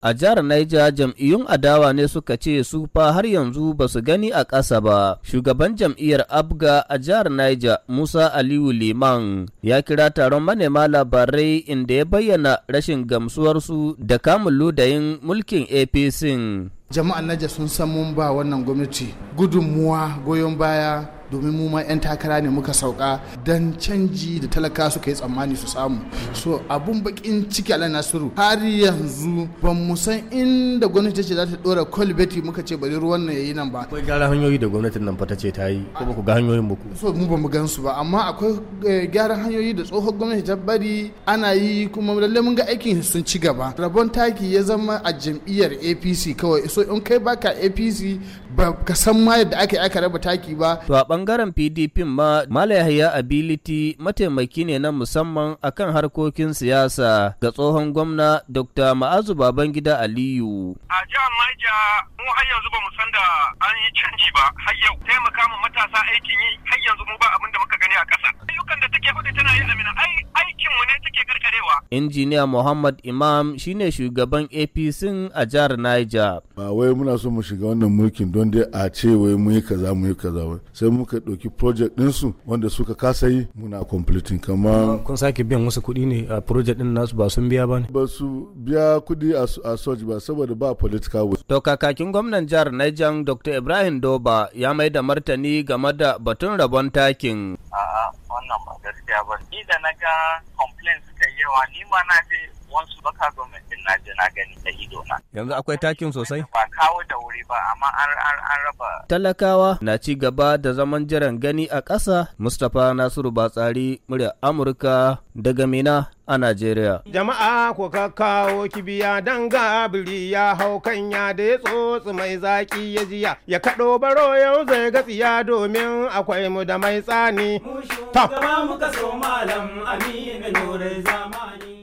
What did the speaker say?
A jihar Niger jam'iyyun adawa ne suka ce su fa har yanzu ba su gani a ƙasa ba. Shugaban jam'iyyar Abga a jihar Niger Musa Aliyu Liman ya kira taron manema labarai inda ya bayyana rashin gamsuwarsu da kamun ludayin mulkin APC. Jama'an Niger sun san mun ba wannan gwamnati gudunmuwa goyon baya domin mu ma 'yan takara ne muka sauka dan canji da talaka suka yi tsammani su samu so abun bakin ciki ala nasiru har yanzu ban mu san inda gwamnati ce za ta dora kolbeti muka ce bari ruwan nan yayi nan ba akwai gyara hanyoyi da gwamnatin nan fata ce ta yi ko ba ku ga hanyoyin ba ku so mu ba mu gan su ba amma akwai eh, gyaran hanyoyi da tsohon gwamnati ta bari ana yi kuma lalle mun ga aikin sun ci gaba rabon taki ya zama a jam'iyyar APC kawai so in kai baka APC ba ka san ma yadda aka yi aka raba taki ba. To a bangaren PDP ma Mala Yahaya Ability mataimaki ne na musamman akan harkokin siyasa ga tsohon gwamna Dr. Ma'azu Babangida Aliyu. A jihar Maija mu har yanzu ba mu san da an yi canji ba har yau taimaka mu matasa Injiniya Muhammad Imam shine shugaban APC a jihar Niger. Ba wai muna so mu shiga wannan mulkin don dai a ce wai mu yi kaza mu yi kaza wai. Sai muka ɗauki project ɗinsu wanda suka kasa yi muna completing kama. Kun sake biyan wasu kuɗi ne a project ɗin nasu ba sun biya ba ne? Ba su biya kuɗi a soji ba saboda ba political will. To kakakin gwamnan jihar Niger Dr. Ibrahim Doba ya mai da martani game da batun rabon takin. A'a wannan ba gaskiya ba. Ni da na ga complaint suka yawa ni ma na je wasu baka gwamnatin na je na gani da ido na yanzu akwai takin sosai wuri ba amma an raba. Talakawa na ci gaba da zaman jiran gani a ƙasa Mustapha Nasiru Batsari murya Amurka daga Mina a Najeriya. Jama'a ko ka kawo kibiya dan gabiri ya hau kanya da ya tsotsi mai zaki ya jiya ya kaɗo baro yau zai ga tsiya domin akwai mu da mai tsani. Mu shugaba mu kaso malam aminu zamani.